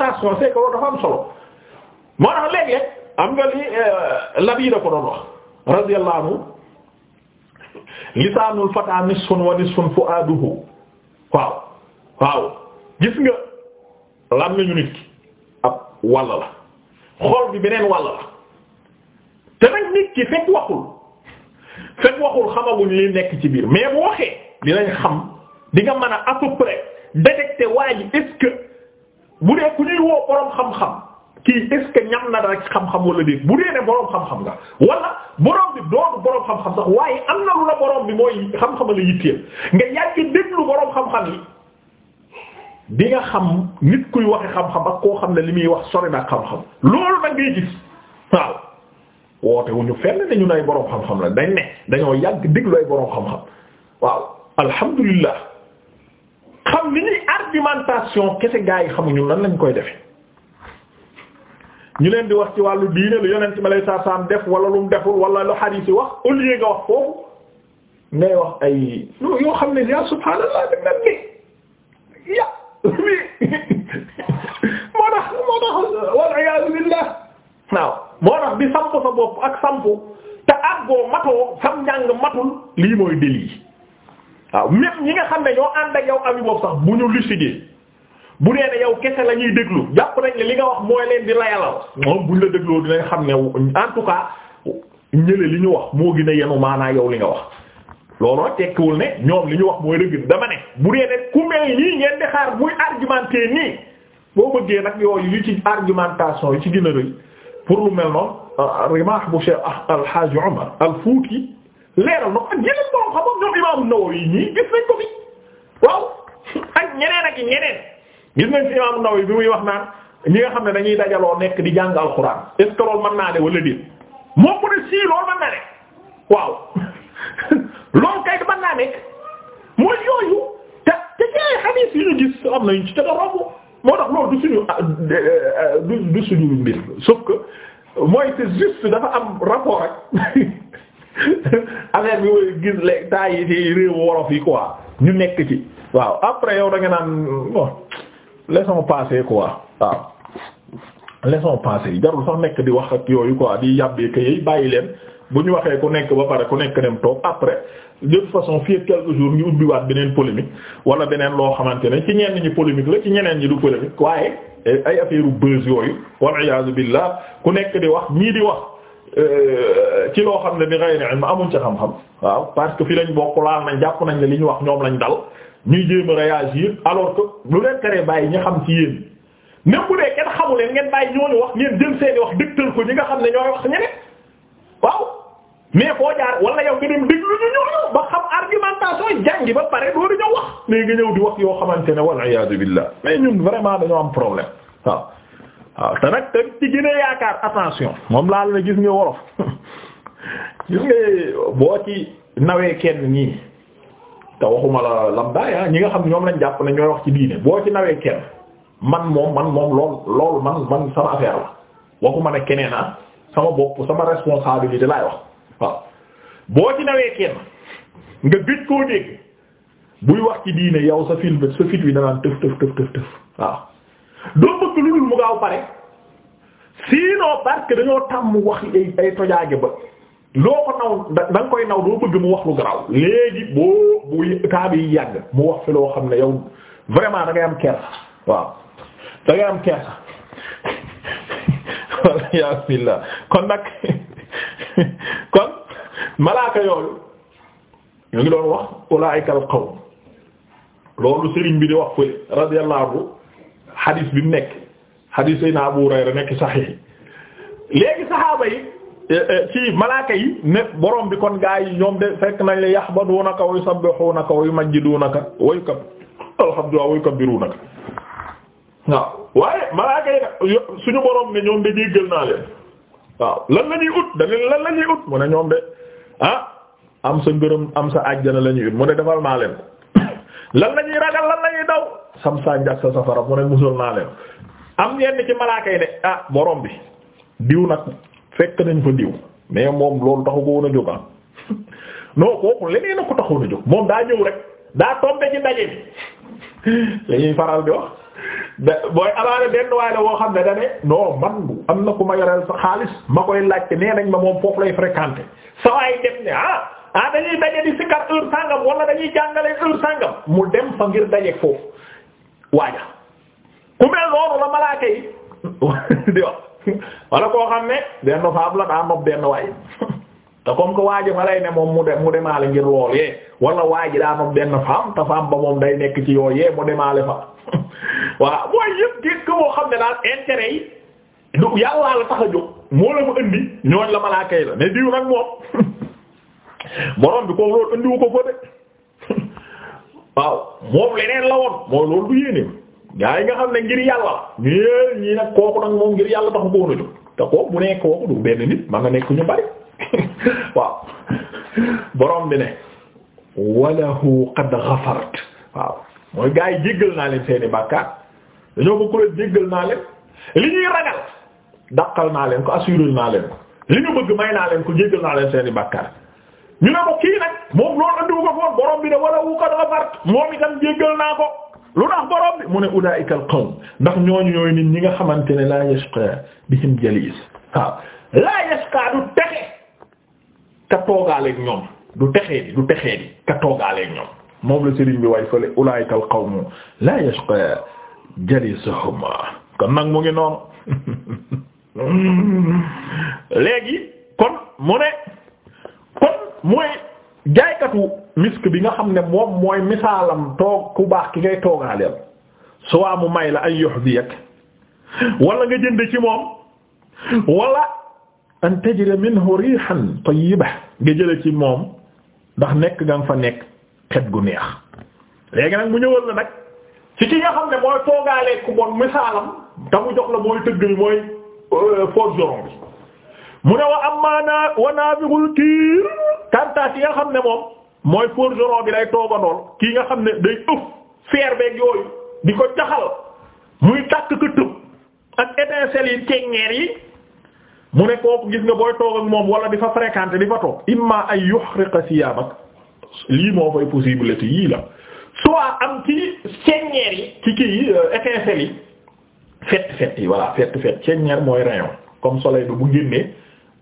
adaptation c'est que loolu dafa am solo moo tax léeg am nga li euh, Labi da ko doon wax radiyallahu anhu lisaanul fataa nisfun wa nisfun fu'aaduhu waaw waaw gis nga làmmiñu nit ki ab wàll la xol bi beneen wàll la te nag nit ki fekk waxul fekk waxul xamaguñ li nekk ci biir mais bu waxee dinañ xam dinga nga mën a à peu près ji est bu dee ku ñuy woo borom xam-xam kii est ñam na rek xam-xam wala déet bu dee ne borom xam-xam nga walla borom bi doonu borom xam-xam sax waaye am na lu la borom bi mooy xam-xam la yitteel nga yàgg déglu borom nga xam nit kuy waxe xam-xam ak koo xam ne li muy wax sore na ak xam-xam loolu nag ngay gis waaw woote wu ñu fenn ne ñu nay borom xam-xam la dañ ne dañoo yàgg déglu ay borom xam-xam waaw alhamdulillah xam li ñuy argumentation kese gaa yi xamuñu lan lañ koy defee ñu leen di wax ci wàllu diine lu yonent ma lay saa saam def wala lu mu deful wala lu xadiis yi wax au nga wax foofu ngay wax ay non xam ne yaa subhaanallah dem nan ni ya moo tax moo tax wal iyaadu billah waaw moo tax di samp sa bopp ak samp te àggoo matoo sam njàng matul lii mooy déli waaw même ñi nga xam ne ñoo ànd ak yow ami boobu sax bu ñu lucidé bu nee ne yow kese la ñuy déglu jàpp nañ ne li nga wax mooy leen di layalal moom buñ la dégloo xam ne en tout cas li ñu wax moo gën a yenu yow li nga wax looloo tekkiwul ne ñoom li ñu wax mooy dëgg dama ne bu dee ne ku mel nii ngeen di xaar muy argumenté nii boo bëggee nag yooyu yu ci argumentation yi ci gën a rëy pour lu mel noonu ah, rimah bu Cheikh al Hadj Omar al leeral na ko ak yeneen borom xam ñii gis nañ ko fi waaw ak ñeneen ak ñeneen gis nañ fi Imaamu Nawawi bi muy wax naan ñi nga xam ne dañuy dajaloo nekk di jàng alxuraan est-ce que loolu mën naa de wala déet ne sii loolu mën na waaw loolu kay mën naa nekk yooyu te te jaay xadiis yi ñu gis am nañu ci te romb moo tax loolu du suñu ah, euh, du suñu mbir sauf que mooy c'est juste dafa am rapport ak. affaire bi wooy gis léeg tas yi ci réew wolof yi quoi ñu nekk ci waaw après yow da naan bon laissons passer quoi waaw laissons passer yi jarul sax nekk di wax ak yooyu quoi di yàbbee ka yey bàyyi leen bu ñu waxee ku nekk ba pare ku nekk dem toog après de toute fi fii quelques jours ñu ubbiwaat beneen polémique wala beneen loo xamante ne ci ñenn ñi polémique la ci ñeneen ñi du polémique waaye ay affaire buzz yooyu wal iyaazu billah ku nekk di wax ñii di ci loo xam ne bi ghayri ilm amuñ ci xam-xam waaw parce que fi lañ bokk laal nañ jàpp nañ ne li ñu wax ñoom lañ dal ñuy jéem a réagir alors que lu leen teree bàyyi ñi xam ci yéen même bu dee kenn xamu leen ngeen bàyyi ñooñu wax ngeen jël seeni wax dëgtal ko ñi nga xam ne ñooy wax ñeneen waaw mais foo jaar wala yow nga dem déglu ñu ñëw ba xam argumentation jàngi ba pare loolu ñoo wax mais nga ñëw di wax yoo xamante ne wal iyaadu billah mais ñun vraiment dañoo am problème waaw. waaw te nag te ci gën yaakaar attention moom laal na gis nga wolof gis nga boo ci nawee kenn ñii te waxuma la lamdaaya ñi nga xam ñoom lañ jàpp ne ñooy wax ci diine boo ci nawee kenn man moom man moom lool loolu man man sama affaire la waxuma ne keneen a ah sama bopp sama responsabilité laay wax waaw boo ci nawee kenn nga gëj koo dégg buy wax ci diine yow sa film sa fit wi danaan tëf tëf tëf tëf tëf waaw doo bëgg lu dul mu gaaw pare sinon parce que dañoo tàmm wax ay tojaage ba loo ko naw da koy naw doo bëgg mu wax lu garaaw léegi boo bu kaa bi mu wax fi loo xam ne yow vraiment da ngay am kersa waaw da ngay am kersa walla billah kon nag kon malaaka yooyu ñu ngi doon wax ulaa'ikal qawm loolu sëriñ bi de wax fële radiyallahu xadis bi mu nekk xadis sayna Abu Hurayra nekk saxiix léegi saxaaba yi eh, eh, ci malaaka yi ne borom bi kon gaa yi ñoom de fekk nañ la yahmadunaka wa yusabbihunaka wa yumajjidunaka wa yukab alhamdulillah wa yukabbirunaka waaw waaye malaaka yi nag suñu borom ne ñoom de jéggal naa leen waaw lan la ñuy ut da lan la ut mu ne ñoom de ah am sa ngërëm am sa àjjana la ñuy ut mu defal naa leen lan la ragal lan la daw. sam sànj ak sa safara mu ne musal naa leen am yenn ci malaaka yi ne ah borom bi diw nag fekk nañ fa diw mais moom loolu taxu ko woon a jóg ah non kooku leneen a ko taxoon a jóg daa ñëw rek daa tombe ci ndaje bi lañuy faral di wax booy amaane benn la woo xam ne da ne non man am na ku ma yoreel sa xaalis ma koy laajte nee nañ ma moom foofu lay fréquenté sa dem ne ah ah dañuy daje di sikar heure sàngam wala dañuy jàngale heure sàngam mu dem fa ngir daje foofu waaja ku mel noonu la malaaka yi di wax wala koo xam ne benn faam la daa nopp benn waay te comme que waaji fa lay ne moom mu dem mu demaale ngir lool yee wala waaji daa nopp benn faam te faam ba moom day nekk ci yooyee mu demaale fa voilà mooy yëpp gis moo xam ne daal intérêt yi du yàllaa la a jóg moo la mu indi ñooñ la malaaka yi la ne diw nag moom borom bi ko loolu indiwu ko fa de waaw moom leneen la woon mooy loolu du yéeneem gaa yi nga xam ne ngir yàlla ñii ñii nag kooku nag moom ngir yàlla taxu koo na jóg te kooku bu nekk kooku du benn nit ma nga nekk ñu bari waaw borom bi ne walahu qad ghafart waaw mooy gaa yi jéggal naa leen seeni bàkkaar dañoo ko kuréel jéggal naa leen li ñuy ragal dàqal naa leen ko assuré naa leen li ñu bëgg may naa leen ko jéggal naa leen seeni bàkkaar ñu ne ko kii nag moom loolu andiwu ko foon borom bi ne wala wu ko xafart moom itam jéggal naa ko lu tax borom bi mu ne ulaa'ika al-qawm ndax ñooñu ñooy nit ñi nga xamante ne laa yashqa bihim jalis waaw laa yashqa du texe ka toogaaleeg ñoom du texee di du al-qawm mu ne kon mooy jaaykatu misk bi nga xam ne moom mooy misaalam toog ku baax ki ngay su waa mu may la ay yuhdiyak wala nga jënd ci moom wala an tajida minhu rihan tayyiba nga jële ci moom ndax nekk nga fa nekk xet gu neex léegi nag mu ñëwal la nag ci ki nga xam ne mooy toogaaleeg ku bon misaalam te mu jox la mooy tëgg bi mooy euh, forgeron bi mu ne wa amaana wa nafighul kiir kanta ki nga xam ne moom mooy forgeron bi lay toogandool kii nga xam ne day ëf feer beeg yooyu di ko jaxal muy tàkk ko tëb ak étincelles yi ceññeer yi mu ne kooku gis nga booy toog ak moom wala di fa fréquenter di fa toog imma ay yuhriqa siyabak lii moo fay possibilité yii la soit am ci ceññeer yi kii euh, étincelles yi fett fett yi voilà fett fett ceññeer mooy rayon comme soleil bi bu génnee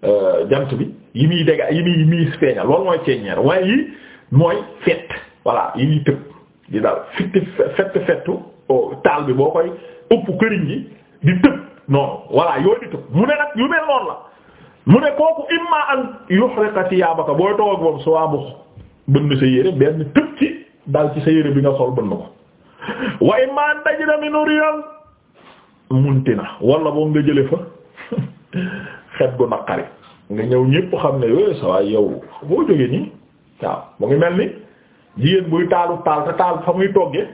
euh, jant bi yi muy dégg yi muy yi muy feeñal mooy ceeñeer waaye yi mooy fett voilà yi muy tëb di daal fitti fett fettu oh, taal bi boo koy ëpp këriñ gi di tëb noonu voilà yooyu di tëb mu ne nag yu mel noonu la mu ne kooku imma an yuhriqa thiyabaka booy toog ak su waa mu bënn sa yére benn tëb ci dal ci sa yére bi nga sol bënn ko wa imma an tajida min uriyan muntina wala boo nga jële fa xet gu naqari nga ñëw ñëpp xam ne yooyu sa waay yow boo nii waaw mu ngi mel ni jigéen buy taalu taal te taal fa muy toggee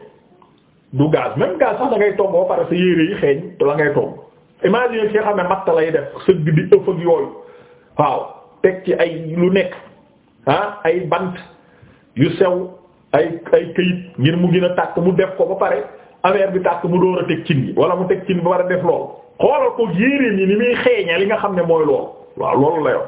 du gaz même gaz sax da ngay togg ba pare sa yére yi xeeñ te la ngay togg imagine ki nga xam ne matt lay def sëgg di ëff ak yooyu waaw teg ci ay lu nekk ah ay bant yu sew ay ay këyit ngir mu gën a tàkk mu def ko ba pare affaire bi tàkk mu door a teg cin yi wala mu teg cin bi war a def lool xoolal ko yére yi ni muy xeeña li nga xam ne mooy lool waaw loolu la yow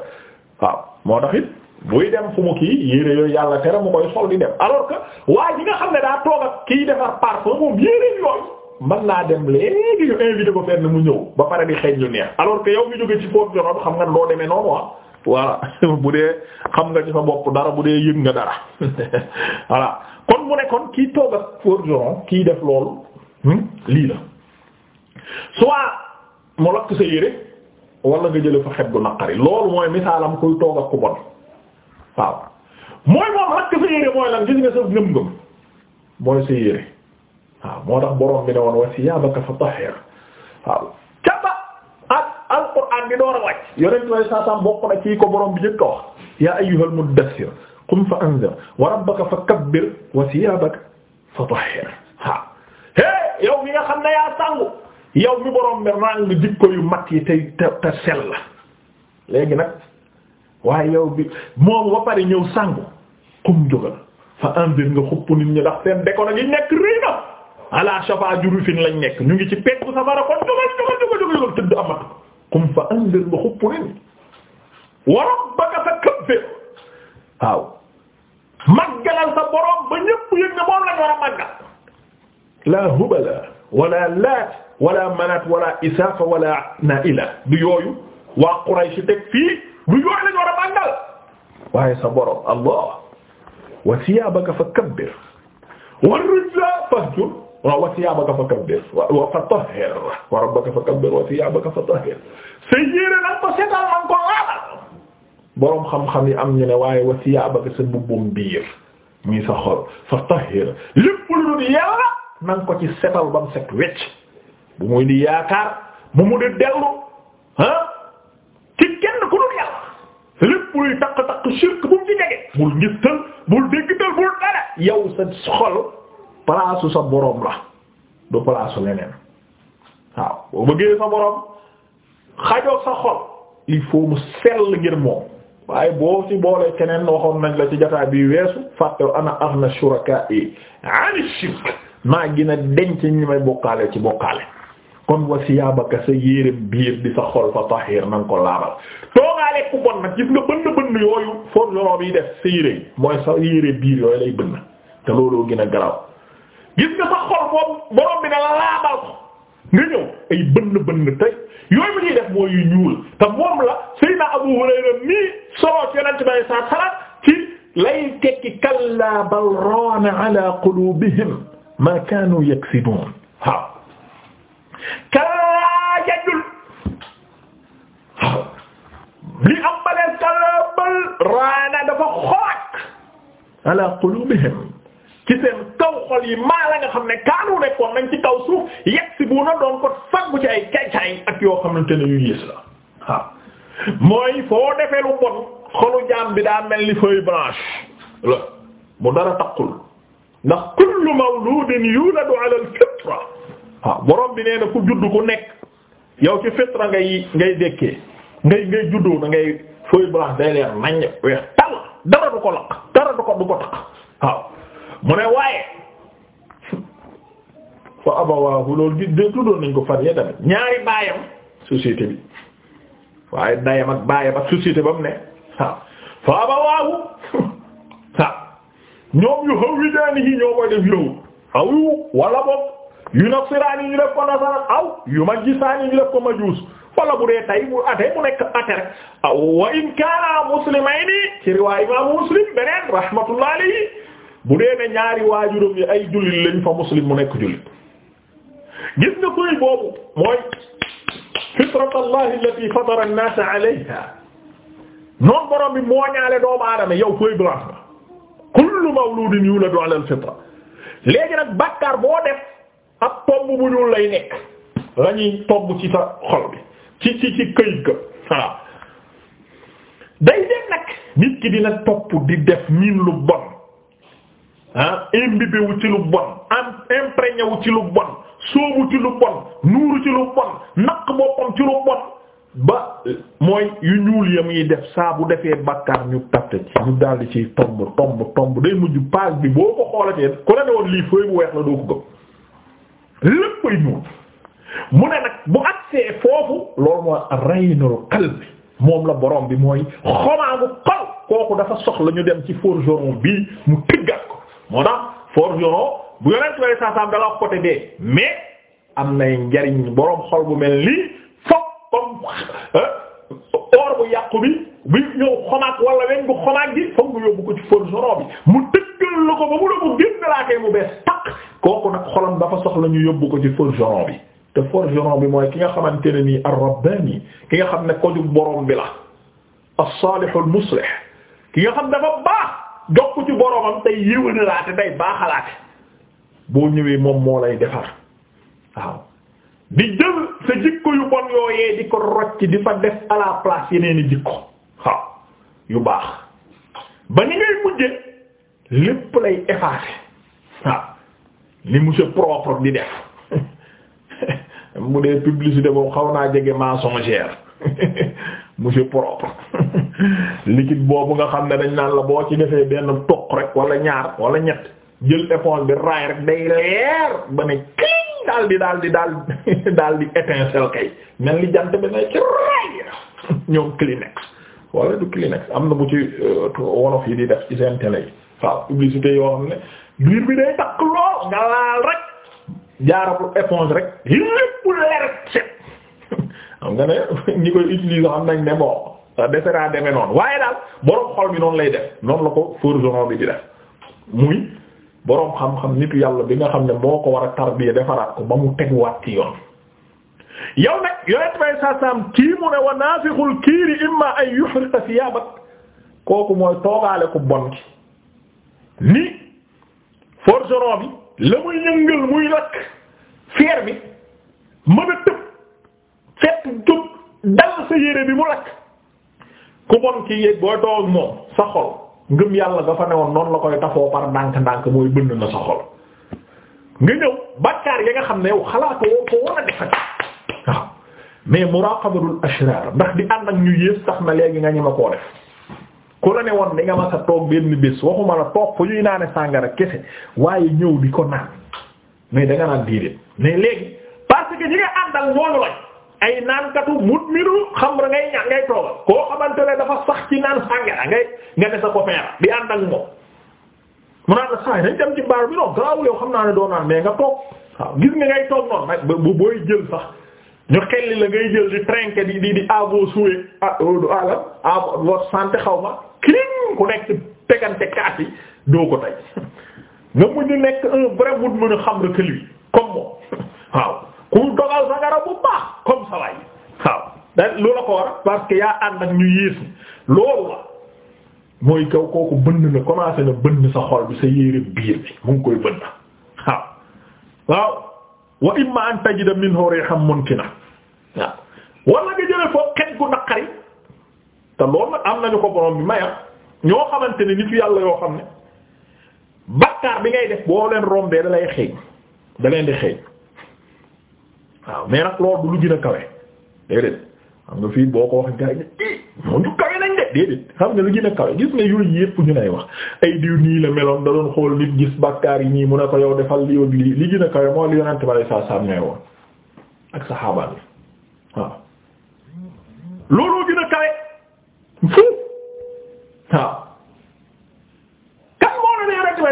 waaw moo tax it buy dem fu mu kii yére yooyu yàlla tere mu koy sol di dem alors que waaye ñi nga xam ne daa toog ak kii defar parfum moom yére yooyu mën naa dem léegi ñu invité ko fenn mu ñëw ba pare di xeeñ lu neex alors que yow mu jóge ci foofu jorom xam nga loo demee noonu waa ah voilà bu dee xam nga ci sa bopp dara bu dee yëg nga dara voilà kon mu ne kon kii toog ak forgeron kii def loolu hmm? lii la soit mu lakk sa wala nga jële fa xet gu naqari loolu mooy misaalam kuy toog ak ku bon waaw mooy moom rakk sa yére mooy lan gis nga sa ngëm-ngëm mooy sa yére waaw moo tax borom bi ne woon wa siyaabaka fa tahhir waaw ca ba ak alquran di door a wàcc yonent way saasam bokk na ci ko borom bi jëkk a wax yaa ayyuhal muddassir qum fa anzir wa rabbaka fa kabbir wa siyaabaka fa tahhir waaw é yow mi nga xam ne yaa sangu yow mi borom bi ràng jikko yu mat yi te te te sell la léegi nag waaye yow bi moom ba pare ñëw sangu kum jógal fa andir nga xupp nit ñi ndax seen dekkoon a ngi nekk rëy na ala shafa jurufin lañ nekk ñu ngi ci peggu safara kon jógal jógal jógal jógal jógal tëdd amatu kum fa andir nga xupp nit ñi wa rabbaka fa kabbir waaw maggalal sa borom ba ñëpp yëg ne moom la war a maggal la hubala wala laat wala manat wala isaafa wala naila du yooyu waa Quraysh teg fii du yooyu lañu war a bàngal waaye sa borom allah wa siyaabaka fa kabbir wa rijza fahjur waaw wa siyaabaka fa kabbir wa fa tahhir wa rabbaka fa kabbir wa siyaabaka fa tahhir sa yére nag ko setal man ko laabal boroom xam-xam yi am ñu ne waaye wa siyaabaka sa mbubbum biir muy sa xol fa tahhir lépp lu dul yàlla nang ko ci setal bam set wecc bu muy ni yaakaar mu mu di dellu ah ci kenn ku dul yàlla lépp takk-takk shirk bu mu ci jege bul ngistal bul déggtal bul dara yow sa xol palaasu sa boroom la du palaasu leneen waaw boo bëggee sa boroom xajoo sa xol il faut mu sell ngir moom waaye boo ci boole keneen waxoon nañ la ci jotaay bi weesu fàtte ana aghna shuraka'i 'an ash-shirk maa gën a denc ñi may bokkaale ci bokkaale kon wa siyaabaka sa yéreem biir di sa xol fa tahir na nga ko laabal toogaale ku bon nag nga bënn bënn yooyu foofu yoroo bi def sa mooy sa yére biir yooyu lay bënn te looloo gën a garaw gis nga sa xol boobu borom bi na laabal nga ñëw ay bënn bënn tey yooyu mu ñuy def mooy ñuul te moom la Seydina Abu Hurayra mii solo ci yonent bi sa xalaat ci lay tekki kallaa bal raana ala qulubihim ma kaanu yaksibun kallaa yajul li am ba leen kalaabal raana dafa xorak ala qulubihim seen kaw xol yi maa la nga xam ne kaanu nekkoon nañ ci kaw bu na doon ko faggu ci ay caay ak yoo xamante ne yu yées la waaw mooy foo defee lu bon xolu jaam bi daa mel ni feuille blanche la mu dara taqul ndax kullu mawludin yuladu ala al fitra waaw ah, borom bi nee na ku judd ku nekk yow ci fitra ngay ngay dekkee ngay ngay juddoo na ngay feuille blanche day leer naññ weex tal dara du ko lakk dara du ko du ko takk mu ne waaye fa abawaahu loolu gi de tuddoon nañ ko far yee tamit ñaari baayam société bi waaye dayam ak baayam ak société ba mu ne waaw fa abawaahu ñoom yu xaw yi daani yi ñoo koy def yow xaw yu walla bopp yu nasiraani ñu def ko nasaraan aw yu majjisaani ñu def ko majuus wala bu dee tay mu ate mu nekk ate rek aw wa in kaana muslimayni ci riwaay imaamu muslim beneen rahmatullah alayhi bu dee ne ñaari waajuram yi ay jullit lañ fa muslim mu nekk jullit gis nga koy boobu mooy fitrat allah allati fatara an-nas alayha noon borom bi mooñaale doomu aadama yow feuille blanche la kullu mawludin yuladu ala al-fitra léegi nag bàkkaar boo def ab tomb bu ñuul lay nekk la tomb ci sa xol bi ci ci ci këyit ga waaw day dem nag nit ki dina topp di def miin lu bon ah ci lu bon am ci lu bon sóobu ci lu bon nuuru ci lu bon naq boppam ci lu bon ba mooy yu ñuul yam yi def saa bu defee bàkkaar ñu tatte ci ñu daldi ci tomb tomb tomb day mujj page bi boo ko xoolatee ku la ne woon lii fooy bu weex la doo ko gëm léppay ñuul mu ne nag bu agsee foofu loolu mooy raynul qalbi moom la boroom bi mooy xomaagu xol kooku dafa soxla ñu dem ci forgeron bii mu tëggat ko moo tax forgeron bu yonent way saasaam dala wax côté bee mais am nay njariñ borom xol bu mel nii fokk comme euh, or bu yàqu bi bi ñëw xomaag wala wen bu xomaag gi foog yóbbu ko ci forgeron bi mu tëggal la ko ba mu la mu génn laa koy mu bees taq kooku nag xolam dafa soxla ñu yóbbu ko ci forgeron bi te forgeron bi mooy ki nga xamante ne nii ar ki nga xam ne ko jub borom bi la as-salihu al-muslih ki nga xam dafa baax jokk ci boromam tey yéwénalaate day baaxalaate boo ñëwee moom moo lay defar waaw di jël sa jikko yu bon yooyee di ko rocc di fa def à la yu baax ba ni ngay mujje lépp lay effacer waaw li monsieur propre di def bu dee publicité boobu xaw naa jege mensongère monsieur boobu nga xam ne dañ naan la boo ci defee benn toq rek wala ñaar wala ñett jël éponge bi raay rek day leer ba ne kii daal di daal di daal daal di étincelle kay mel ni jant bi ne ci raay ñoom Kleenex wala du Kleenex am na bu ci euh, wolof yi di def ci seen télé yi waaw publicité yoo xam ne biir bi day takk lool nga laal rek jaarabul éponge rek lépp leer set nga ne ñi koy utiliser xam nañ ne bon deferaa demee noonu waaye daal borom xol bi noonu lay def noonu la ko forgeron bi di def muy boroom xam-xam nitu yàlla bi nga xam ne moo ko war a tarbiya defaraat ko ba mu tegwaat ci yoon yow nag yonent bay saasaam kii mu ne wa kiiri imma ay yuhriqa siyaabak kooku mooy toogaale ku bon ki ni forgeron bi la muy yëngal muy lakk feer bi mën a tëb fett jub dal sa yére bi mu lakk ku bon ki yéeg booy toog moom sa xol ngëm yàlla nga fa newoon noonu la koy tafoo par ndànk-ndànk mooy bënn na sa xol nga ñëw bàkkaar ya nga xam ne yow xalaatoo ko war a defati waaw mais muraqabatul ashrar ndax di ànd ak ñu yées tax na léegi nga ñi ma koo def ku la ne woon di nga ma a toog benn bés waxuma la toog fu ñuy naane sàngara kese waaye ñëw di ko naan mais da nga naan diidéet mais léegi parce que ñi nga àndal ñooñu lañ ay naankatu mudmiru xamra ngay ña ngay toogal koo xamante ne dafa sax ci naan sàngara ngay nga ne sa copain di ànd ak moom mu naan la saay nañ dem ne doo naan nga toog waaw gis nga ngay toog noonu nag booy jël sax ñu xelli la ngay jël di trinquer di di di à vos souhaits à ah, oh, ah, à votre santé xaw ma kiling ku nekk tegante kaas yi doo ko tey nga mujj nekk un vrai wut mën a xam rek lui comme moom waaw ku dogal sa garab bu baax comme ça waay waaw da loolu la ko war parce que yaa ànd ak ñu yées loolu la mooy kaw kooku bënn na commencé na bënn sa xol bi sa yére biir bi mu ngi koy bënn waaw waaw. wa imma an tajida minhu rihan munkina waaw war na nga jëlee foofu xet gu naqari te loolu nag am nañu ko borom bi maya ñoo xamante ni nitu yàlla yoo xam ne bakkaar bi ngay def boo leen rombee da lay xeeñ da di xeeñ waaw mais nag loolu du lu gën a kawe déedéet xam nga fii boo ko wax gars yi ñoo eh, ñu kawe nañ de déedéet xam nga lu gën a kawe gis nga yooyu yëpp ñu lay wax ay diw nii la meloon da doon xool nit gis bàkkaar yi nii mu a ko yow defal li li gën a kawe moo li yonent ba la ne yonent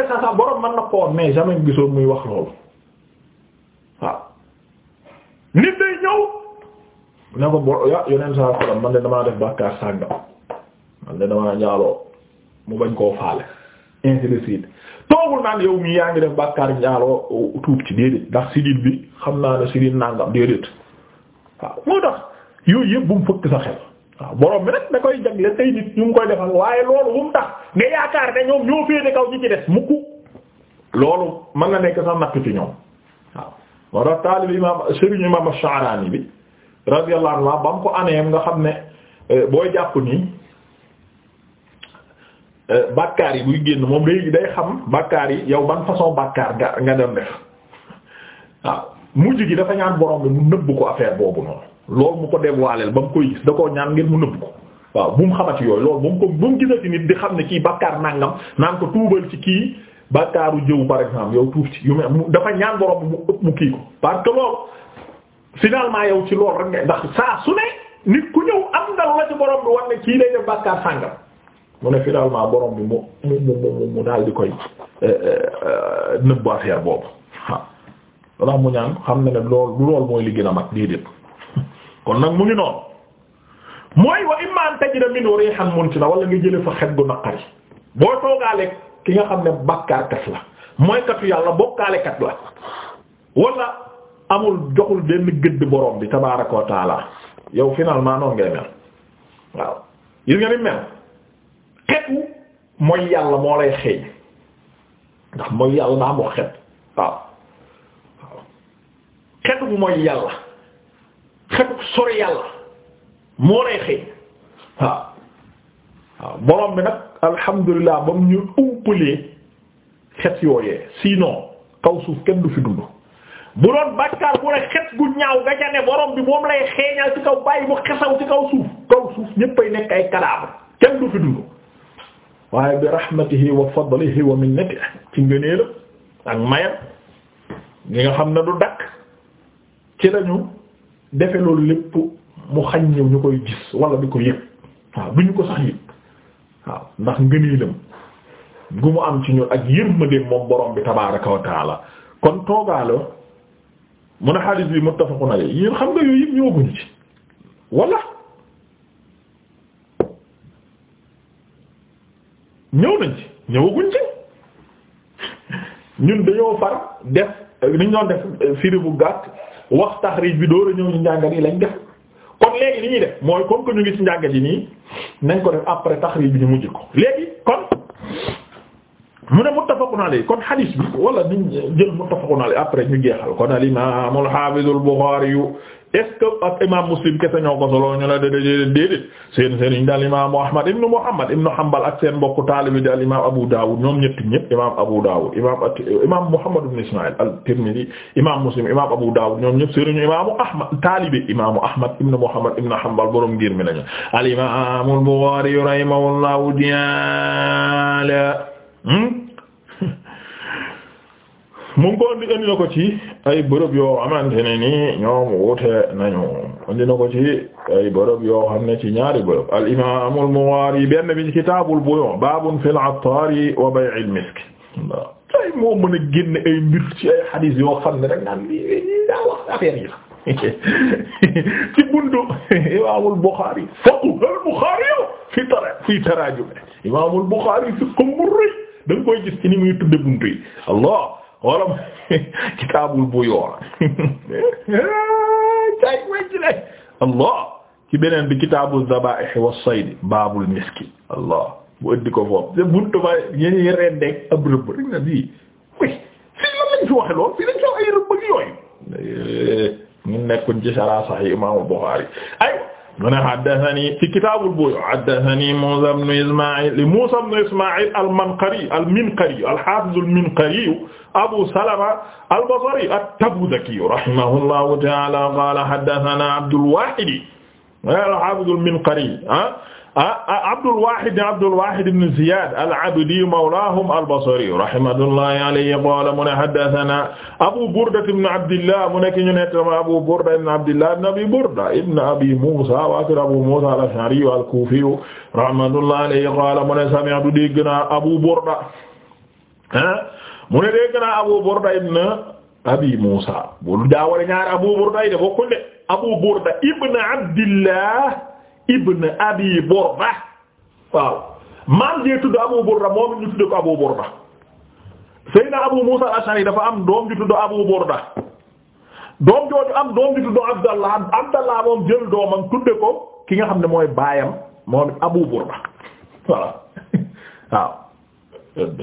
lay saa saa borom mën na ko woon mais jamais gisoon muy wax loolu waaw nit day ñëw ne ko bo ya yeneen saa salaam man de damaa def bàkkaar sàngam man de damaa njaaloo mu bañ koo faale ainsi toogul naan yow mii yaa ngi def bàkkaar njaaloo tuub ci déedéet ndax sidit bi xam naa ne sidit nangam déedéet waaw moo tax yooyu yëpp bu mu fëkk sa xel waaw borom rek da koy jagleel ay nit ñu ngi koy defal waaye loolu bu mu tax nga yaakaar ne ñoom ñoo féete kaw ñi ci des mukk loolu man na nekk sax natt ci ñoom waaw moo tax taalib imam sëriñ imam bi radiyallahu anhu ba mu ko aneem nga xam ne euh, booy jàpp nii euh, bàkkaar yi buy génn moom day day xam bakkaar yi yow ban façon bàkkaar nga nga doon def waaw mujj gi dafa ñaan borom bi mu nëbb ko affaire boobu noonu loolu mu ko dévoileel ba mu koy gis da koo ñaan ngir mu nëbb ko waaw bu mu xamati yooyu loolu bu mu ko bu mu gisati nit di xam ne kii bàkkaar nàngam naan ko tuubal ci kii bàkkaaru jëw par exemple yow tuuf ci yu mel dafa ñaan borom bi mu mu kii ko parce finalement yow ci loolu rek nga ndax saa su ne nit ku ñëw am na la ci borom bi war ne kii day def bàkkaar sàngam mu ne finalement borom bi mu mu mu mu daal di koy eh, eh, nëbbu affaire boobu waaw ndax mu ñaan xam na ne lool du lool mooy li gën mag déedéet kon nag mu ngi noonu mooy wa imma an tajida minhu rihan muntina wala nga jële fa xet gu naqari boo toogaale ki nga xam ne bàkkaarkat la mooy katu yàlla bokkaalekat la wala. amul joxul benn gëdd borom bi tabaaraka wa taala yow finalement noonu ngay mel waaw gis nga ni mel xetu mooy yàlla moo lay xeeñ ndax mooy yàlla daa moo xet waaw waaw xetu mooy yàlla xetu sori yàlla moo lay xeeñ waaw waaw borom bi nag alhamdulilah ba mu ñu umpalee xet yooyee sinon kaw suuf kenn du fi dund bu doon bàkkaar bu la xet gu ñaaw nga ca ne borom bi moom lay xeeñal ci kaw bàyyi mu xesaw ci kaw suuf ñéppay nekk ay cadavre kenn du fi dund waaye bi rahmatihi wa fadlihi wa minnatihi ci ngëneelam ak mayam li nga xam ne du dakk ci lañu defe loolu lépp mu xañ ñëw ñu koy gis wala di ko yëg waaw du ñu ko sax yëg waaw ndax ngëneelam gu mu am ci ñun ak yërmandeem moom borom bi tabaaraka wa kon toogaalo mu ne xadis bi muttafaqun alayhi yéen xam nga yooyu ñu ñëwaguñu ci wala ñëw nañ ci ñëwaguñ ci ñun dañoo far def li ñu doon def firi bu gàtt wax taxriij bi door a ñëw ci njàngat yi lañ def kon léegi li ñuy def mooy comme que ñu ngi ci njàngat yi nii nañ ko def après taxriij bi ñu mujj ko léegi kon. mu ne muttafaqun alayhi kon hadith bi wala niñ jël muttafaqun alayhi après ñu jeexal kon al imam al hafiz al Bukhari est-ce que ak imam Muslim kese ñoo ko solo ñu la déedéet déedéet seen seen ñu daal imam Ahmad ibn Muhammad ibn Hanbal ak seen mbokku taalibi di al imam Abu Dawud ñoom ñett ñëpp imam Abu Dawud imam imam Muhammad ibn Ismaïl at-Tirmidhi imam Muslim imam Abu Dawud ñoom ñëpp seen ñu imam Ahmad taalibi imam Ahmad ibn Muhammad ibn Hanbal borom ngir mi lañu al imam al Bukhari rahimahullahu ta'ala Hmm? mu ngi ko ci ay bërëb yoo xamante ne ni ñoom wuute nañu indi na ko ci ay bërëb yoo xam ne ci ñaari bërëb al imam al Mughari benn bi ci kitaabul buyu' baabun fil attaari wa bay'il misk waaw tey moo mën a ay mbir ci ay xadiis yoo xam ne rek naan li daa wax affaire yi la ci buntu imaamul Bukhari fiqhul Bukhari fi tara fi taraajum imaamul Bukhari fiqhul rëy da nga koy gis ni muy tudde buntu yi allah wala kitaabul buyuur tay wecc lay allah ci beneen bi kitaabu zabaih wa sayd baabul miski allah bu ëddi ko foofu te buntu ba yéen rendeeg ab rëbb rek na bii oui fii lan lañ fi waxe lool fii lañ fi wax ay rëbb ak yooyu eh, ñu nekkoon ci sara sahih imaamu Buxaari ay mu ne haddathani fi kitaabul buyu haddathani Muusaa ibn Ismaa'il li Muusaa ibn Ismaa'il al-Minqari al-Minqari al-Haafiz al-Minqari Abu Salama al-Basri at-Tabuzaki rahimahullahu ta'aala qaala haddathanaa Abdul Waahid al-Haafiz al-Minqari ah, Ah, ah Abdul Wahid Abdul Wahid ibn Ziyad al-Abdi mawlahum al-Basri rahmatullahi alayhi qala mu ne haddathana Abu Burda ibn Abdillah mu nekk ñu ne tamit Abu Burda ibn Abdillah ibn Abi Burda ibn Abi Musa wa akthar Abu Musa al-Ash'ari al-Kufi rahmatullahi alayhi qala mu ne sami'tu dégg naa Abu Burda ah mu ne dégg naa Abu Burda ibn Abi Musa bu daawale ñaar Abu Burda yi de bokkuñ de Abu Burda ibn Abdillah ibn abi burda waaw maam jee tudd abu burda moom ñu tudd ko abu burda seyna abu musa al-ashari dafa am doom ju tudd abu burda doom jooju am doom ju tudd abdallah abdallah moom jël doomam tudde ko ki nga xam ne mooy baayam moom abu burda voilà waaw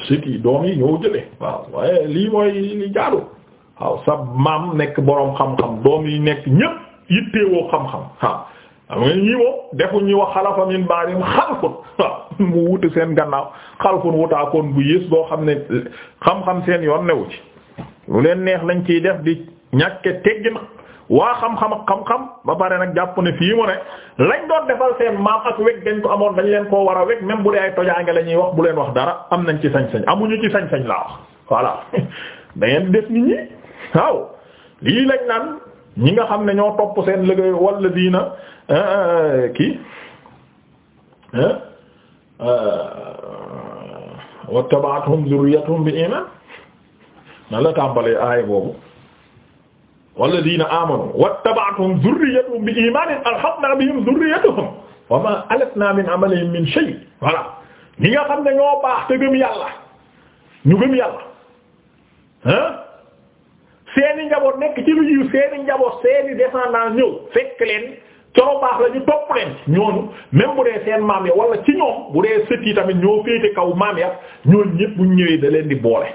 siti doom yi ñoo jële waaw waaye lii mooy li waaw sa maam nekk boroom xam-xam doom yi nekk ñépp yitteewoo xam-xam waaw am nga ñii moom defu ñuy wax xalafa min ba'dihim xalfun mu wuti seen gannaaw xalfun wutaakoon bu yées boo xam ne xam-xam seen yoon newu ci lu leen neex lañ ciy def di ñàkke teggi na waa xam-xam ak xam-xam ba pare nag jàpp ne fii mu ne lañ doon defal seen maam ak weg dañ ko amoon dañ leen koo war a weg même bu dee ay tojaange la ñuy wax bu leen wax dara am nañ ci sañ-sañ amuñu ci sañ-sañ laa wax voilà da ngeen def nit ñi waaw lii lañ naan ñi nga xam ne ñoo topp seen liggéey walla diina Ah, ah, ah, kii wattaba'athum zurriyyatuhum bi iman nan la tàmbalee aaya boobu walladina amanu wattaba'athum zurriyyatuhum bi imanin alhaqna bihim zurriyyatuhum wa ma alatna min amalihim min shay voilà ñi nga xam ne ñoo baax te gëm yàlla ñu gëm yàlla ah seeni njaboot nekk ci lu yiw seeni njaboot seeni descendance ñëw fekk leen coro baax la ñu topp leen ñooñu même bu dee seen maam ya wala ci ñoom bu dee sët yi tamit ñoo féete kaw maam ya ñooñu ñëpp bu ñëwee da leen di boole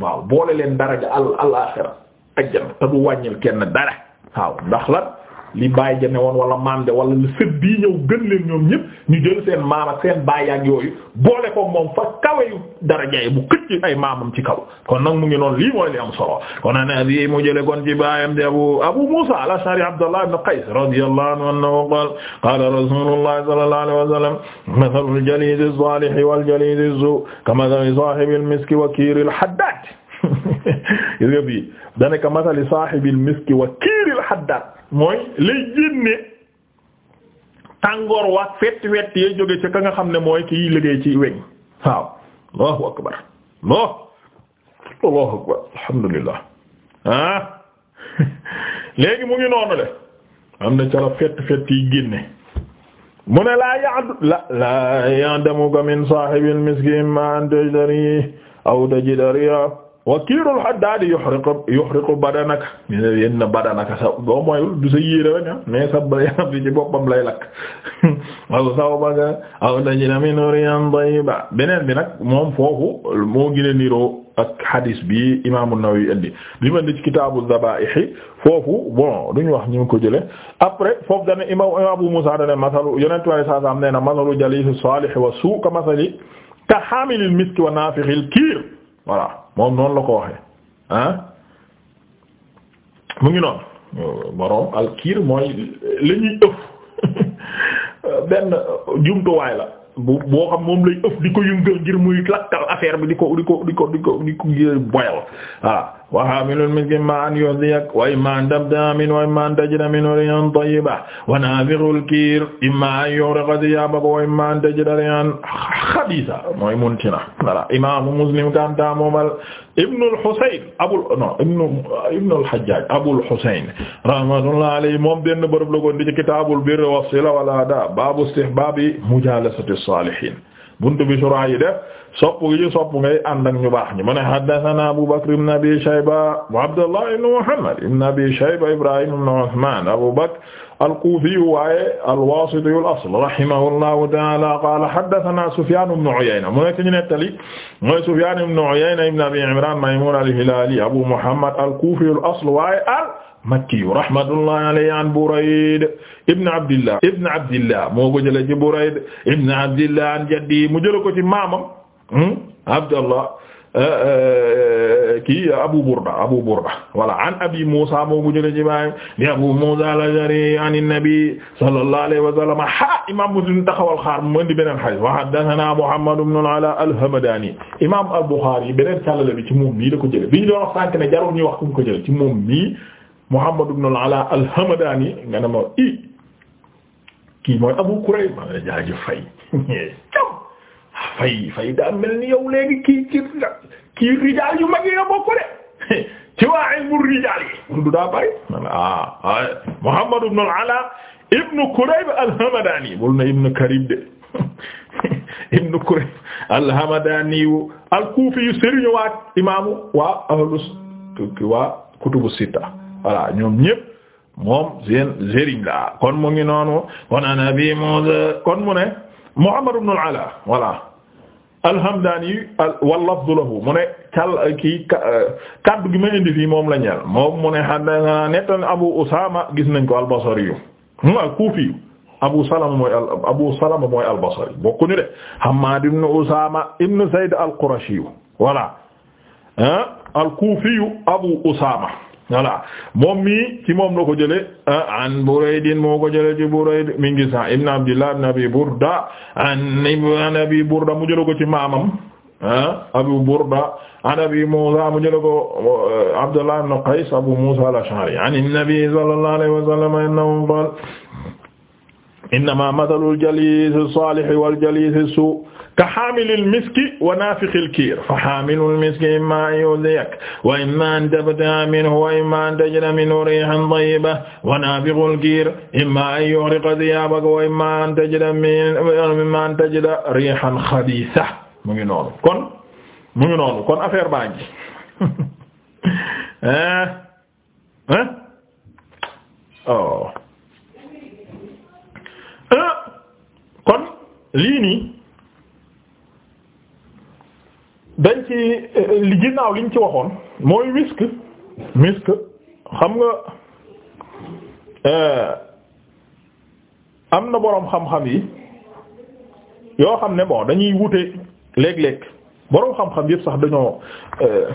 waaw boole leen dara al al axira ajjana te du wàññil kenn dara waaw ndax la li baay ja ne woon wala maam ja wala sët bii ñëw gën leen ñoom ñëpp ñu jël seen maam ak seen baay ak yooyu boole ko moom fa kawe yu daraja yi bu xëcc ay maamam ci kaw kon nag mu ngi noonu lii mooy li am solo kon nag lii mu jëlee kon ci baayam di abu abu musa al-ashari abdullah ibn qais radiyallahu anhu annahu qala qala rasulullah sallallahu alayhi wa sallam mathalu al-jalis as-salih wal jalis as-su kama sahibi al-miski wa kiri al-haddad gis nga bi danaka mathali sahibi al-miski wa kiri xaddaat mooy lay génne tàngoor waa fetti wetti yee jóge ci ka nga xam ne mooy kiy liggéey ci weñ waaw allahu akbar allah allahu akbar alhamdulillah ah léegi mu ngi noonu le am na ca la fett fett yi génne mu ne laa ya'du la laa ya'damuka min saahibil miskin ma an tajdari aw tajidariya wakiirul haddaad yuhriqu yuhriqu badanaka ñu ne yenn badanaka sa boo moyul du sa yéere rek mais sa yaram bi ci boppam lay lakk aw sawbaka aw tajida min riyan tayyiba beneen bi nag moom foofu moo gën a ak hadis bi imaamu Nawawi indi li ma di ci kitaabu zabaa'ih foofu bon duñu wax ñu ngi ko jële après foofu dana imam Abu Musa dana masalu yonentu Yàlla sallallahu alayhi wasallam nee na masalu jaliisi saalihi wa suu' ka kiir moom noonu la ko waxee ah mu ngi noonu borom alkiir mooy li ñuy ëf benn jumtuwaay la bu boo xam moom lay ëf di ko yëngal ngir muy lakkal affaire bi di ko di ko di ko di ko di ko boyal voilà wa hamilun min imma an yudiyak wa imma an tabda min wa imma an tajida min riyan tayyiba wa nafikhul kir an yurqa thiyabaka wa an tajida riyan khabitha mooy muntina voilà imam Muslim kanta moomal Ibnul Husayn abul non Ibnul Hajjaj Abul Husayn rahmatullahi alayhi moom benn bërëb la ko indi ci kitaabul birri was-sila wal aadaab baabu istihbaabi mujaalasati saalihiin buntu bi sura yi def sopp gi ci sopp ngay ànd ak ñu baax ñi mu ne haddathana Abu Bakr ibn Abi Shayba wa Abdullah ibn Muhammad ibn Abi Shayba Ibrahim ibn Uthman Abu Bakr alkuufiyu waaye alwaasitiyu al-asl rahimahullahu ta'aala qaala haddathanaa Sufyaan ibn Uyayna mu nekk ñu nettali mooy Sufyaan ibn Uyayna ibn Abi Imraan Maymuun al-Hilaali Abu Muhammad alkuufiyu al-asl waaye al-makkiyu rahmatullahi alayhi an Burayd ibn Abdillah ibn Abdillah moo ko jëlee ci Burayd ibn Abdillah an jaddi mu jëlee ko ci maamam hmm, Abdallah Euh, euh, euh, kii Abu Burda Abu Burda voilà an Abi Musa moo ko jëlee ci baay di Abu Musa al-Ash'ari an an-Nabi sallallahu alayhi wa sallam ha imaam Muslim taxawal xaar mu indi beneen xadis wa haddathana Muhammad ibn al-Ala al-Hamdani imaam al-Bukhari beneen càllale bi ci moom mii la ko jëlee bi ñu doon wax sànq ne jarul ñuy wax ku ñu ko jëlee ci moom mii Muhammad ibn al-Ala al-Hamdani nga ne ma i kii mooy Abu Kurayb ma la jaajëf fay fay fay daa mel ni yow léegi kii ci kii rijaal yu mag yi nga bokk de ci waa ilmu rijaal yi du daa bari ah ah Muhammad ibn al-Ala ibn Kurayb al-Hamadani bul na ibn Karib de ibn Kurayb al-Hamadani al-Kufi yu sëriñu waa imaamu waa ahlu waa kutubu sitta voilà ñoom ñépp moom seen sëriñ la kon mu ngi noonu kon an Abi Muusa kon mu ne Muhammad ibn al-Ala voilà alhamdaani wal lafdu lahu mu ne kal kii euh, kaddu gi ma indi moom la ñeel moom mu ne haddathana abu usama gis nañ ko albasari yu mu hmm, al kuufi abu salama mooy albasari bokkuñu de hammaad ibn usama ibn zayd al qurashi yu voilà al abu usama voilà moom mi ci moom la ko jële ah, an Buraydin moo ko jële ci Burayd mi ngi sa ah, ibn Abdillah ibn Abi Burda an ibn Abi Burda mu jële ko ci maamam ah, Abu Burda an Abi Musa mu jële ko eh, Abdullah ibn Qays Abu Musa al-Ash'ari an an-Nabi sallallahu alayhi wa sallam innama mathalul jaliisi saalihi wal jaliisi suu ka haamilil miski wa naafiqil kiir fa haamilul miski immaa an yu'dhiyaka wa immaa an tabta'a minhu wa immaa an tajida minhu riihan tayyibatan wa naafiqul kiir immaa an yughriqa thiyaabaka wa immaa an tajida minhu immaa an tajida riihan khabiisatan mu ngi noonu kon mu ngi noonu kon affaire baa ngi ah ah oh. lii nii dañ ci li ginnaaw liñ ci waxoon mooy wisk misk xam nga eh, am na boroom xam-xam yi yoo xam ne bon dañuy wute léeg-léeg boroom xam-xam yépp sax dañoo eh,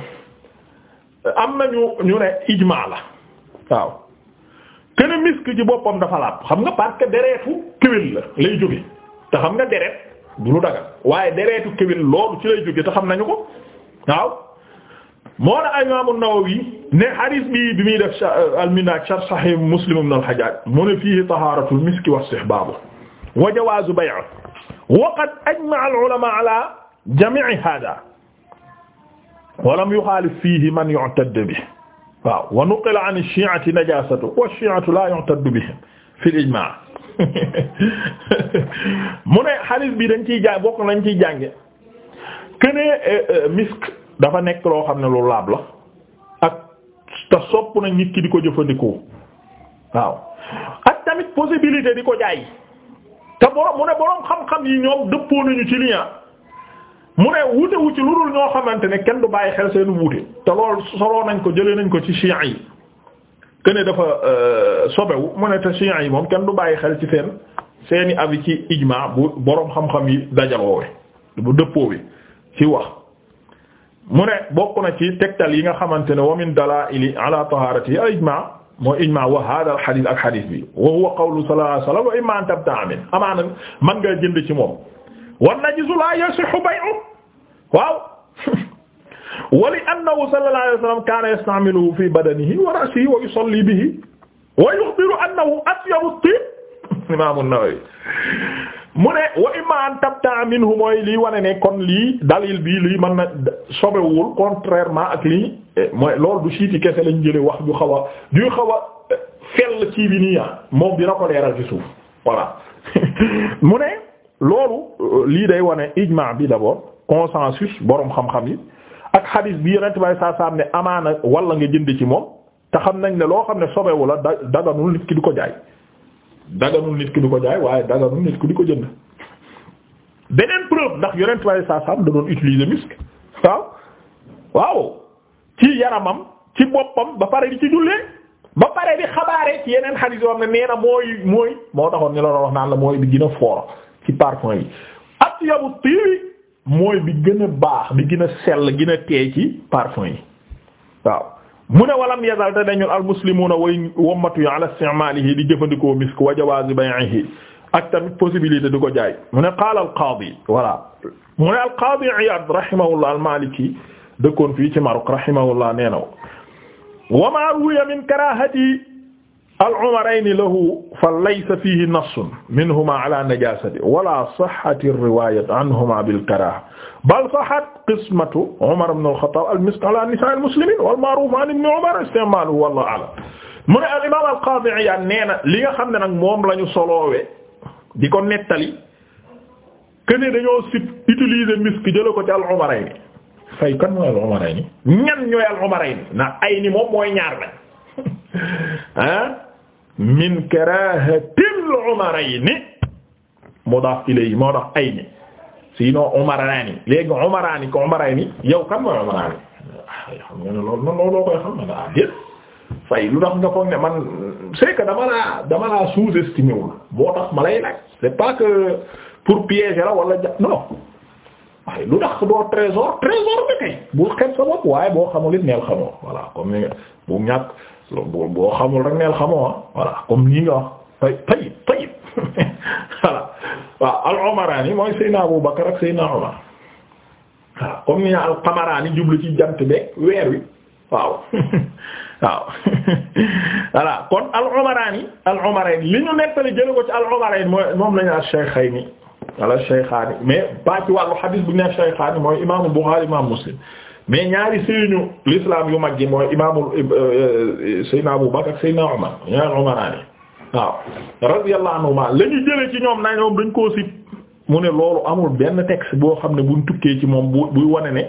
am na ñu ñu ne ijmaa la waaw kene misk ci boppam dafa laab xam nga parce que dereetu kéwél la lay jóge te xam nga deret du lu daga waaye deretu kéwél loolu ci lay jóge te xam nañu ko waaw moo na Imam An-Nawawi ne hadith bi bi muy def euh, al-Minhaj sharh Sahih Muslim ibn al-Hajjaj mu ne fiihi tahaaratul miski wa istihbaabu wa jawaazu bay'i wa qad ajma'a al-ulama ala jami'i haaza wa lam yuxaalif fiihi man yu'tadd bihi waaw wa nuqila an ash-shi'ati najaasatu wa ash-shi'atu laa yu'tadd bihim fil mu ne xadis bii dañ ciy jàng bokk nañ ciy jànge kene eh, eh, misk dafa nekk loo xam ne lu laab la ak te sopp na nit ki di ko jëfandikoo waaw ak tamit possibilité di ko jaay te borom mu ne borom xam-xam yi ñoom dëppoo nañu ci lien mu ne wuute wu ci lu dul ñoo xamante ne kenn du bàyyi xel seen wuute te loolu soloo nañ ko jëlee nañ ko ci shi'a yi këne dafa euh, sobewu mu ne te Shi'a yi moom kenn du bàyyi xel ci seen seeni avis ci ijma bu boroom xam-xam yi dajaloo wi bu dëppoo bi ci wax mu ne bokk na ci tegtal yi nga xamante ne wa min dalaa'ili ala tahaarati ijma mooy ijma wa hada al hadith ak imma an tabta'a min amaana man nga jënd ci moom wan najisu la yasihu bay'u waaw wa li annahu sallallahu alayhi wa sallam kaana yasta'miluhu fi badanihi wa ra'sihi wa yusalli bihi wa yukhbiru annahu atyabu at-tiib Imaam an-Nawawi mu ne wa imma an tabta'a minhu mooy lii wane ne kon lii dalil bii lii mën na sobewul contrairement ak lii eh, mooy loolu du siiti kese lañ jële wax ju xaw a ju xaw a eh, fell ci bi nii ah moom dina ko leeral ci suuf voilà mu ne loolu euh, lii day wane ijmaa bi d'abord consensus boroom xam-xam yi ak xadiis bi yonent bay saa saam ne amaana wala nga jënd ci moom te xam nañ ne loo xam ne sobewu la da daganul nit ki di ko jaay daganul nit ki di ko jaay waaye daganul nit ki di ko jënd beneen preuve ndax yonent bay saa saam da doon utiliser misk waaw waaw ci yaramam ci boppam ba pare di ci jullee ba pare di xabaare ci yeneen xadiis yoo xam ne nee mooy mooy moo taxoon ñu la wax naan la mooy bi gën a ci parfum yi atyabu tiiri mooy bi gën a baax bi gën a sell gën a teey ci parfum yi waaw mu ne walam yazal te dañul almuslimuuna way wommatu yi ala istimaalihi di jëfandikoo misk wa jawaazi bay'ihi ak tamit possibilité di ko jaay mu ne qaala al qaadi voilà mu ne al qaadi Iyaad rahimahullah al maliki dëkkoon fii ci Maroc rahimahullah nee na wa ma ruwiya min karaahati al-umarayni lahu fa laysa fiihi nassun minhumaa alaa wala sihhati riwaayati anhumaa bil bal sihhat qismatu al-Khattaab al-misk alaa al-muslimiin wal ma'ruuf an ibni Umar isticmaaluhu wallaahu a'lam. mu al-imaam al-Qaadi Iyaad li nga xam ne nag moom la ñu soloowe di ko nettali que si utiliser misk ko ci al-umarayni fay kan mooy al-umarayni ñan ay ni moom mooy ñaar lañ min karahatil umarayni mudaaf ilayhi moo dax ay ni sinon umaraani léegi umaraani ko umarayni yow kan mooy umaraani xam nga ne loolu man loolu loo koy xam ne ah, daa fay lu tax nga foog ne man c'est que dama laa dama laa sous-estimé wul moo tax ma lay laaj c'est pas que wala ja non waaye lu tax doo trésor trésor bi kay bu xet sa bopp waaye boo xamul it neel xamoo voilà comme ni bu loolu boo xamul rek neel xamoo ah voilà comme nii nga wax tay tay tay voilà waaw al omaraani mooy Seydina Abu Bakar ak Seydina Omar waaw ni al qamaraani jublu ci jant bi weer wi waaw waaw voilà kon al omaraani al omarayn li ñu nettali jële ko ci al omarayn mooy moom lañu al shaykhayni wala shaykhaani mais ba ci wàllu xadiis bu ñu nee shaykhaani mooy imaamu Buxaari imaamu Muslim mais ñaari sëriñu l'islam yu mag yi mooy imaamul euh, euh, Seydina Abu Bakr ak Seydina Umar ñaari Umaraani waaw radiyallahu anhuma la ñu jëlee ci ñoom na dañ ko sib mu ne loolu amul benn texte boo xam ne buñ tukkee ci moom bu buy wane ne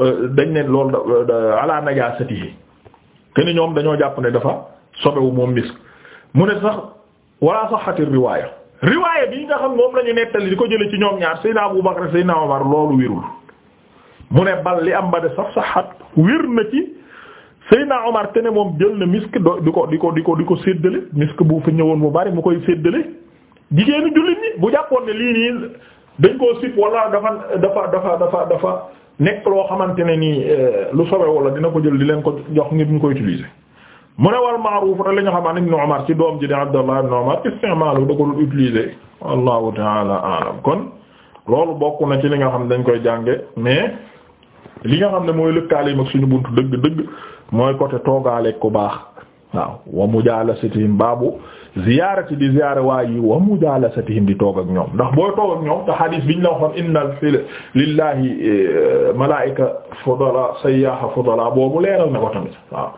euh, dañ ne loolu ala najaasatihi te ni ñoom dañoo jàpp ne dafa sobewu moom misk mu ne sax wala sahhati riwaaya riwaaya bi nga xam moom la ñu nettali di ko jëlee ci ñoom ñaar Seydina Abu Bakr Seydina Umar loolu wérul mu ne bal li am ba de sax xat wér na ci Seydina Omar te ne moom jël na misk di ko di ko di ko di ko séddale misk bu fa ñëwoon bu bari mu koy séddale jigéenu jullit ñi bu jàppoon ne lii nii dañ ko sip wala dafa dafa dafa dafa dafa nekk loo xamante ne nii eh, lu sobe wala dina ko jël di leen ko jox ngir ñu koy utiliser. mu ne wal ma'ruf te li nga xam ne Ibn Umar ci doom ji di Abdallah ibn Umar istimaalu da ko doon utiliser wallahu kon loolu bokk na ci li nga xam dañ koy jànge mais. li nga xam ne mooy lëkkaaleem ak suñu buntu dëgg dëgg mooy côté toogaaleeg ku baax waaw wa mujalasatihim baabu ziyaarati di ziyaare waayi wa mujalasatihim di toog ak ñoom ndax booy toog ak ñoom te xadiis biñ la waxoon inna fil lillahi e, malaa'ika fudala sayyaha fudala boobu leeral na ko waaw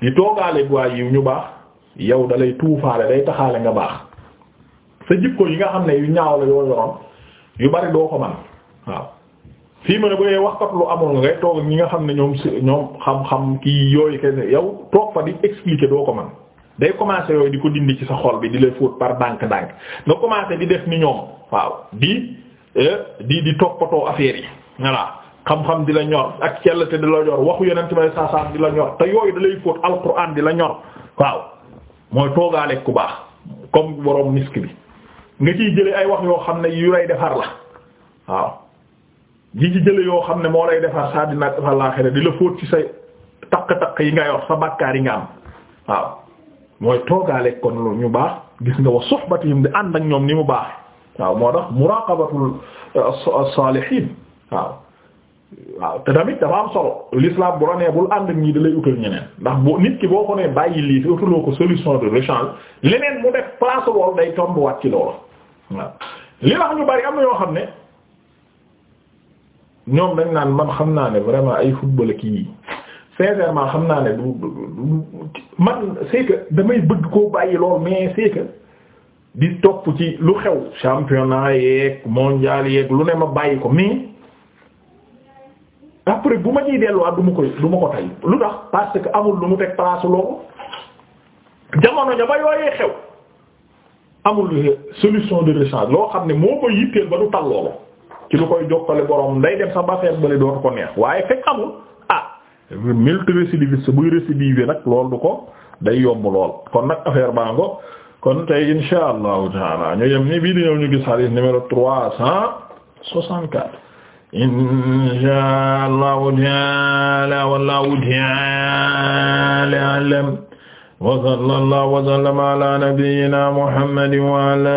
di toogaaleeg waayi ñu baax yow dalay tuufaale day taxaale nga baax sa jikko yi nga xam ne yu ñaaw la yoo yoroon yu bari doo ko man waaw fii ma ne bu wax waxkat lu amul nga ngay toog ñi nga xam ne ñoom si ñoom xam-xam kii yooyu kenn yow toog fa di expliquer doo ko man day commencer yooyu di ko dindi ci sa xol bi di lay fóot par ndànk-ndànk nga commencer di def ni ñoom waaw di eh, di di toppatoo affaire yi voilà xam-xam di la ñor ak cellte di la ñor waxu yeneen may saasaam di la ñor te yooyu da lay fóot alquran di la ñor waaw mooy toogaaleeg ku baax comme borom misk bi nga ciy jëlee ay wax yoo xam ne yu lay defar la waaw. di ci jële yoo xam ne moo lay defar sa dina sa laaxira di la fóot ci sa taq-taq yi ngay wax sa bàkkaar yi nga am waaw mooy toogaale kon lu ñu baax gis nga wa suhbatihim di ànd ñoom ni mu baax waaw moo tax muraqabatul uh, te tamit dafa am solo l'islam bu la nee bul ànd ak ñii da lay utal ñeneen ndax boo nit ki boo ko nee bàyyi lii utaloo ko solution de rechange leneen mu def place day tombuwaat ci loolu waaw li wax ñu bari am na yoo xam ne ñoom dañ naan man xam naa ne vraiment ay football kii yi sincèrement xam naa ne du man c'est que damay bëgg koo bàyyi lool mais c'est di topp ci lu xew championnat yeeg mondial yeeg lu ne ma bàyyi ko mais après bu ma ciy delluwaat du ma koy du ma ko tay lu tax parce que amul lu mu teg place loolu jamono ja ba yooyee xew amul solution de rechange loo xam ne moo koy yitteel ba du tal loolu ci lu koy jokkale borom day dem sa bafeet bale dootu ko neex waaye fekk amul ah multirécidiviste buy récidive nag lool du ko day yomb lool kon nag affaire bango kon tey insha allahu taala ñu ni bii di ñëw trois cent soixante-quatre insha allahu taala taala alam wa wa sallama ala nabiyyina muhammadin wa ala